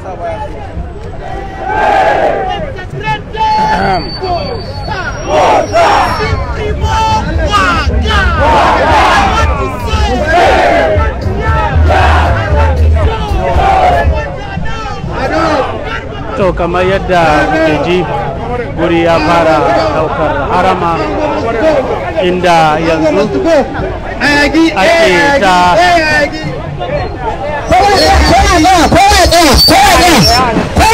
to kamar yadda kuke ji guri ya fara daukar harama inda yanzu ake ta Fire! Fire! Fire!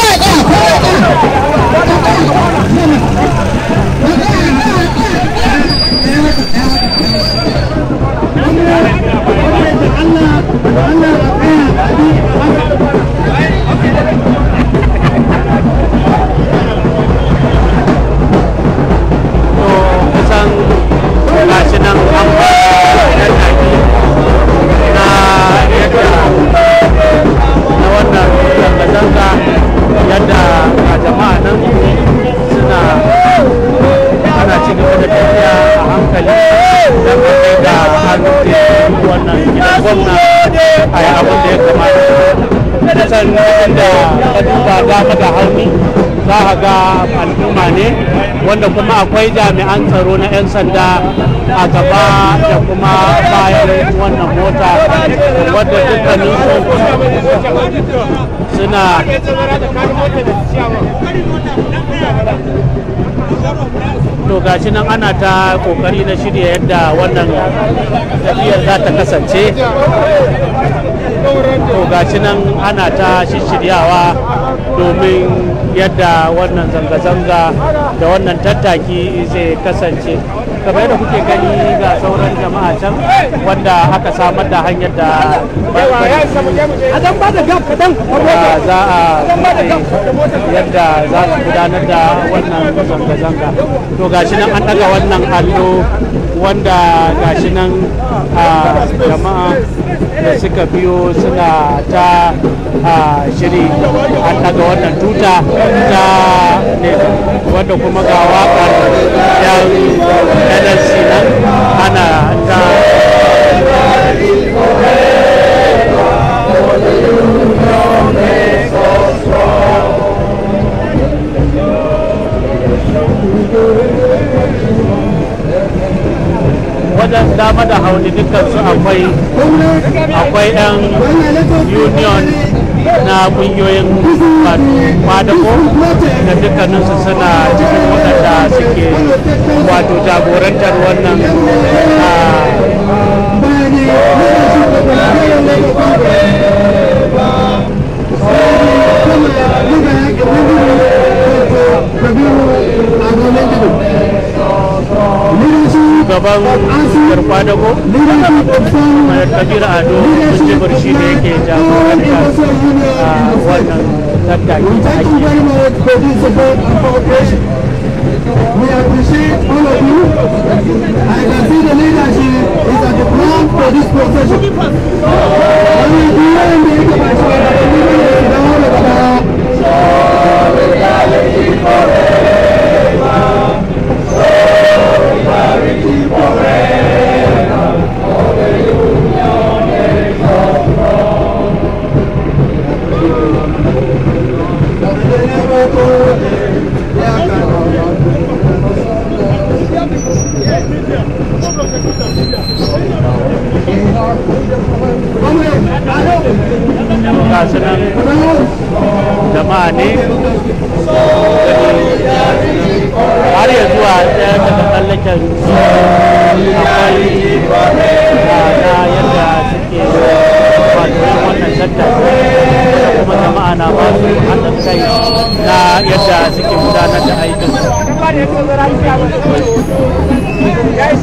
wanda ka duba za ka ga hannu za a ga al'umma ne wanda kuma akwai jami'an tsaro na 'yan sanda a gaba da kuma bayan wannan mota wadda dukkanin suna to gashi nan ana ta kokari na shirya yadda wannan tafiyar za ta kasance to gashi nan ana ta shishiryawa domin yadda wannan zanga-zanga da wannan tattaki zai kasance kamar yadda kuke gani ga sauran jama'a can wanda aka samar da hanyar da za a yadda za su gudanar da wannan zanga-zanga to gashi nan an daga wannan allo wanda gashi nan a ah, jama'a da suka biyo suna ta shiri an daga wannan tuta ta ne wadda kuma ga waƙar yan nlc nan ana ta wajen dama da hauni dukansu akwai akwai yan union na kungiyoyin fadako da dukkaninsu suna cikin waɗanda suke wato jagorantar wannan Thank you. shugaban garfa da ko kabir ado musulmar shi ne ke jagorantar wannan tattaki da ake We appreciate all of you. I can see the leadership is at the front for this procession. juma'a ne har ya zuwa ɗaya daga tsallaken akwai na yadda suke wajen wannan tattaki da kuma jama'a na ba su hannun kai na yadda suke gudanar da aikin Yes,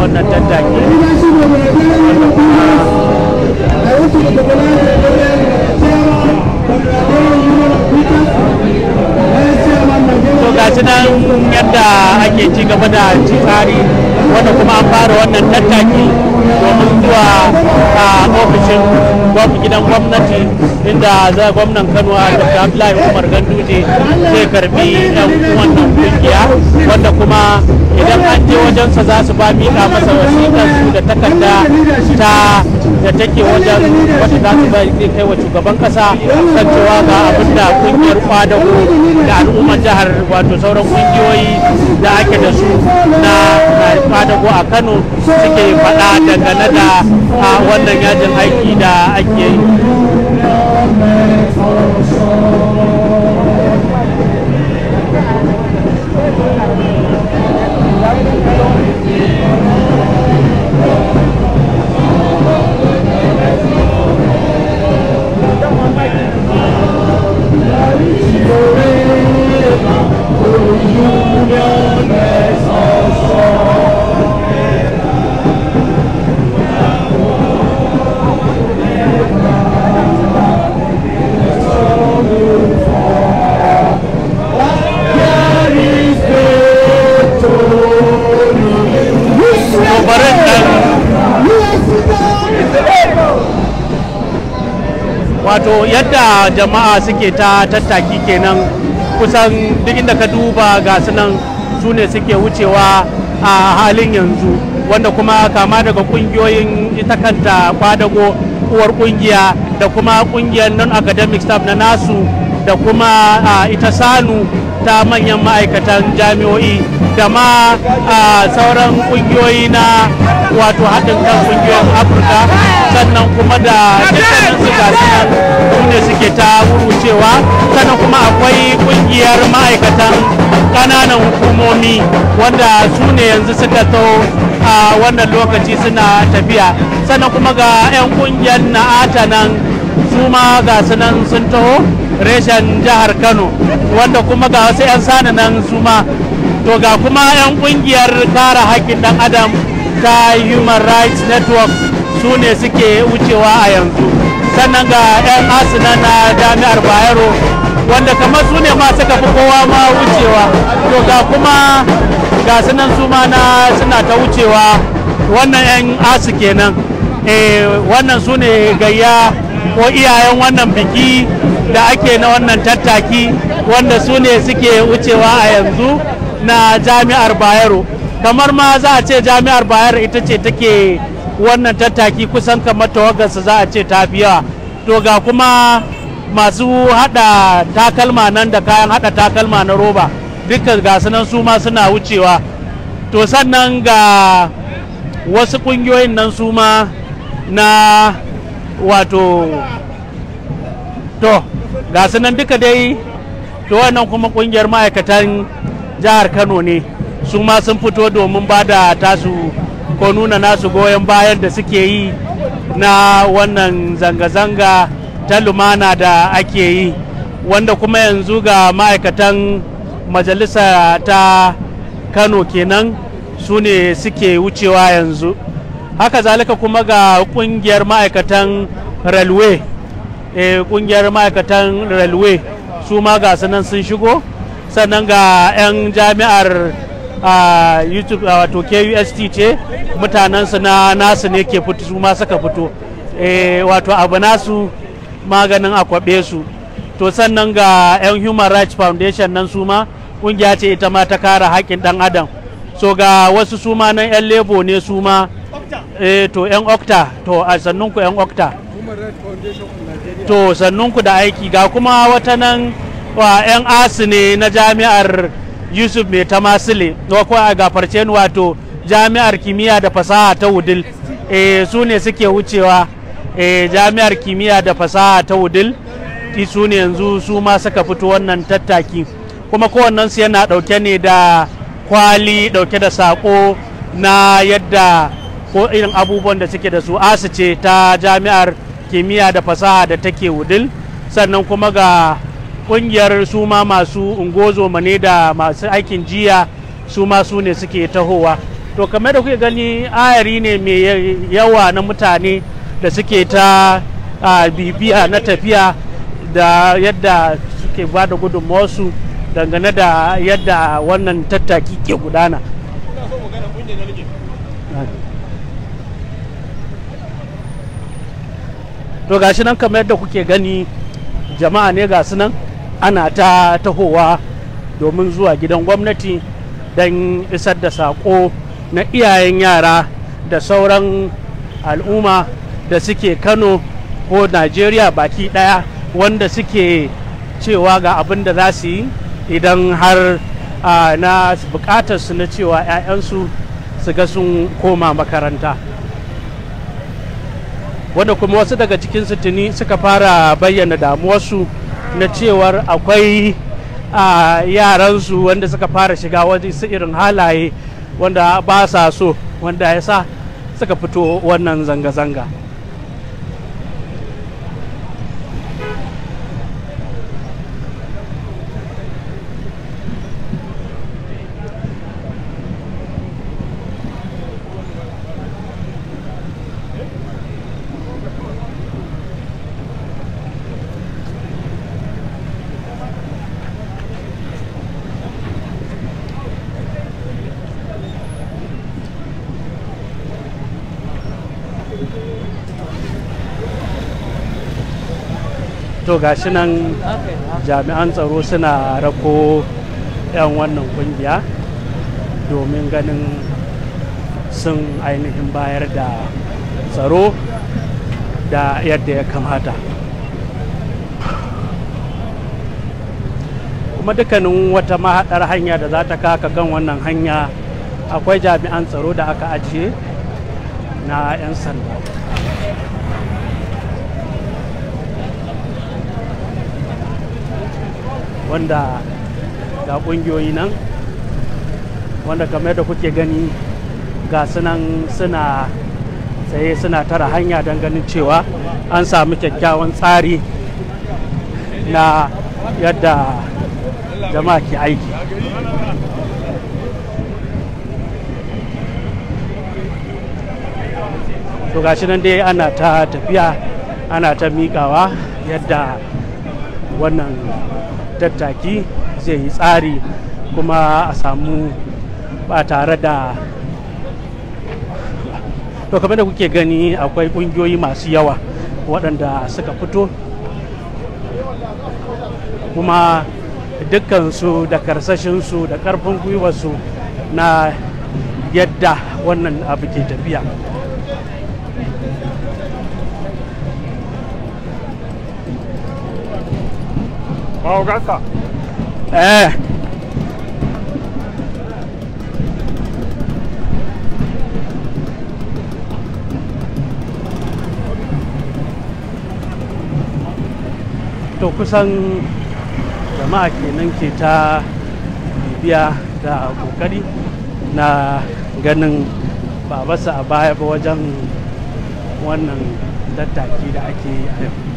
wannan tattaki to gashi nan yadda ake ci gaba da tsari wanda kuma an fara wannan tattaki domin zuwa a ofishin gidan gwamnati inda za gwamnan kano a dr abdullahi umar ganduje zai karbi yan wannan kungiya wanda kuma idan an je wajensa za su ba miƙa masa wasiƙar su da takarda ta da take wajen wata za su bai kai wa shugaban kasa kan cewa ga abin da kungiyar kwadago da al'ummar jihar wato sauran kungiyoyi da ake da su na kwadago a kano suke faɗa dangane da ah, wannan yajin aiki da ake yi wato yadda jama'a suke ta tattaki kenan kusan duk inda ka duba ga sunan su ne suke wucewa a halin yanzu wanda kuma kama daga kungiyoyin ita kanta kwadago uwar kungiya da kuma kungiyar non-academic staff na nasu da kuma ita sanu ta manyan ma'aikatan jami'o'i da ma sauran kungiyoyi na wato haɗin kan kungiyoyin afirka sannan kuma da dukkanin su ga su ne suke ta wucewa sannan kuma akwai kungiyar ma'aikatan kananan hukumomi wanda su ne yanzu suka tau a wannan lokaci suna tafiya sannan kuma ga 'yan kungiyar na'ata nan su ma ga nan sun taho reshen jihar kano wanda kuma ga wasu 'yan sani nan su ma to ga kuma 'yan kungiyar kare haƙƙin ɗan adam ta human rights network su ne suke wucewa a yanzu sannan ga 'yan asina na jami'ar bayero wanda kamar su ne ma suka fi kowa ma wucewa to ga kuma ga sunan su ma na suna ta wucewa wannan 'yan asu kenan eh, wannan su ne gayya ko iyayen wannan biki da ake na wannan tattaki wanda su ne suke wucewa a yanzu na jami'ar bayero kamar ma za a ce jami'ar bayero ita ce take wannan tattaki kusan kamar tawagarsa za a ce ta biya to ga kuma masu hada takalma nan da kayan hada takalma na roba dukkan ga nan su ma suna wucewa to sannan ga wasu kungiyoyin nan su ma na wato to ga nan duka dai to wannan kuma kungiyar ma'aikatan jihar kano ne su ma sun fito domin ba da tasu ko nuna nasu goyon bayan da suke yi na wannan zanga-zanga ta lumana da ake yi wanda kuma yanzu ga ma'aikatan majalisa ta kano kenan su ne suke wucewa yanzu haka zalika kuma ga kungiyar ma'aikatan railway e, eh, kungiyar ma'aikatan railway su ma ga sunan sun shigo sannan ga 'yan jami'ar a youtube a wato kust ce mutanensu na nasu ne ke fito su ma suka fito eh, wato abu nasu maganin akwabe su to sannan ga 'yan human rights foundation nan su ma kungiya ce ita ma ta kare haƙƙin ɗan adam so ga wasu su ma nan 'yan lebo ne su ma eh, to 'yan okta to a sannunku 'yan okta to sannunku da aiki ga kuma wata nan wa 'yan asu ne na jami'ar yusuf mai tamasile wako a gafarce ni wato jami'ar kimiyya da fasaha ta wudil e, su ne suke wucewa e, jami'ar kimiyya da fasaha ta wudil su ne yanzu su ma suka fito wannan tattaki kuma kowannensu yana dauke ne da kwali dauke da sako na yadda ko irin abubuwan da suke da su asu ce ta jami'ar kimiyya da fasaha da take wudil sannan kuma ga kungiyar su ma masu ungozoma ne da masu aikin jiya su ma su ne suke tahowa to kamar da kuke gani ayari ne mai yawa na mutane da suke ta bibiya na tafiya da yadda suke ba da gudunmawarsu dangane da yadda wannan tattaki ke gudana to gashi nan kamar yadda kuke gani jama'a ne ga su nan ana ta tahowa domin zuwa gidan gwamnati don isar da saƙo na iyayen yara da sauran al'umma da suke kano ko najeriya baki ɗaya wanda suke cewa ga abin da za su yi idan har na su na cewa 'ya'yansu su ga sun koma makaranta wanda kuma wasu daga cikin tuni suka fara bayyana damuwarsu na cewar akwai a yaransu wanda suka fara shiga wani irin halaye wanda ba sa so wanda ya sa suka fito wannan zanga-zanga to gashi nan jami'an tsaro suna rako 'yan wannan kungiya domin ganin sun ainihin bayar da tsaro da yadda ya kamata kuma dukkanin wata mahaɗar hanya da za ta kaka kan wannan hanya akwai jami'an tsaro da aka ajiye na 'yan sanda wanda ga ƙungiyoyi nan wanda kamar da kuke gani ga sunan suna tsaye suna tara hanya don ganin cewa an samu kyakkyawan tsari na yadda jama'a ke aiki to gashi nan dai ana ta tafiya ana ta miƙawa yadda wannan tattaki zai yi tsari kuma a samu ba tare da to kamar da kuke gani akwai kungiyoyi masu yawa waɗanda suka fito kuma dukkansu da karsashinsu da ƙarfin gwiwarsu na yadda wannan abu ke tafiya Mal gasta. É. To kusan jama'a kenan ke ta bibiya da kokari na ganin ba basa a baya ba wajen wannan tattaki da ake yi a yau.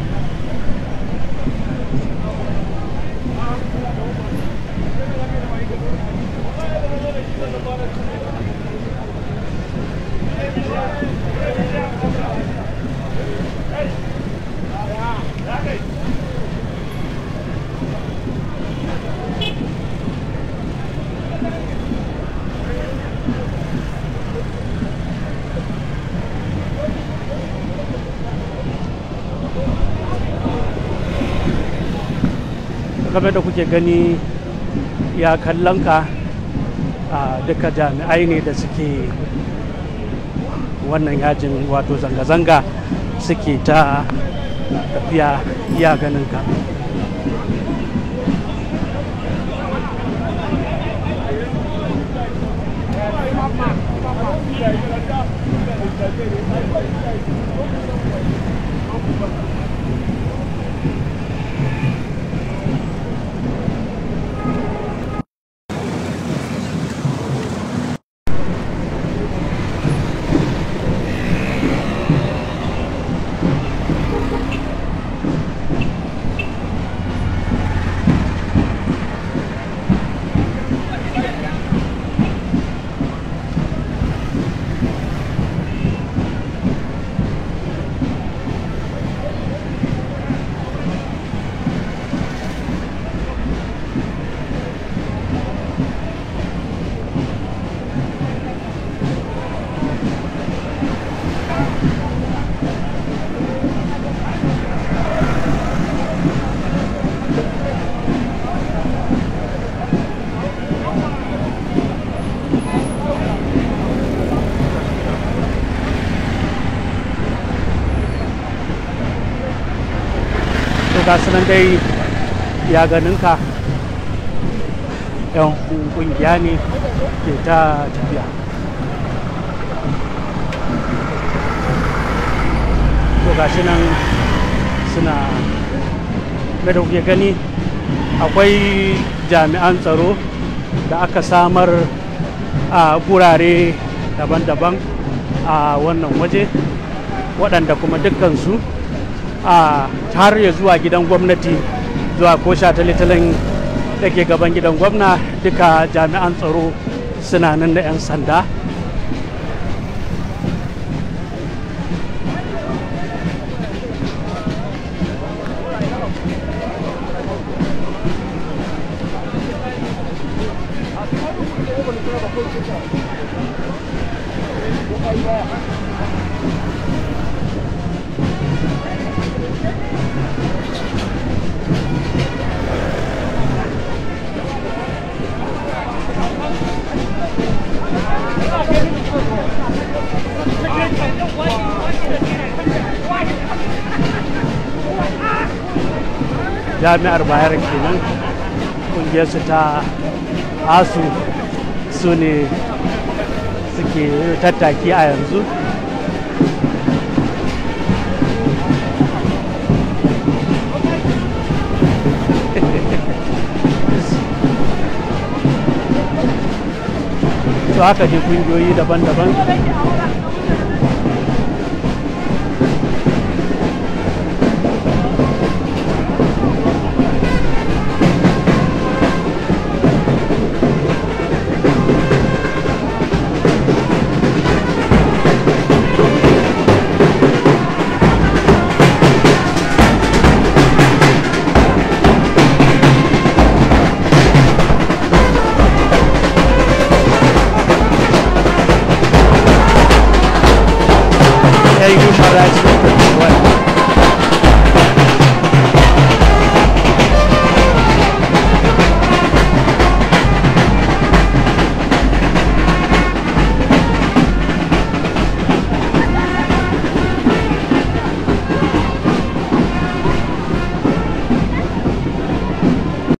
kamar da kuke gani ya kallon ka duka jami'ai ne da suke wannan yajin wato zanga-zanga suke ta tafiya iya ganin ka ga dai ya ganin ka yan kungiya ne ke ta tafiya to ga suna da kuke gani akwai jami'an tsaro da aka samar a gurare daban-daban a wannan waje waɗanda kuma dukkansu su A har ya zuwa gidan gwamnati zuwa ko shataletalen da ke gaban gidan gwamna duka jami'an tsaro suna nan da 'yan sanda jami'ar bayar kenan ƙungiyarsu ta asu su ne suke tattaki a yanzu su haka ne ƙungiyoyi daban-daban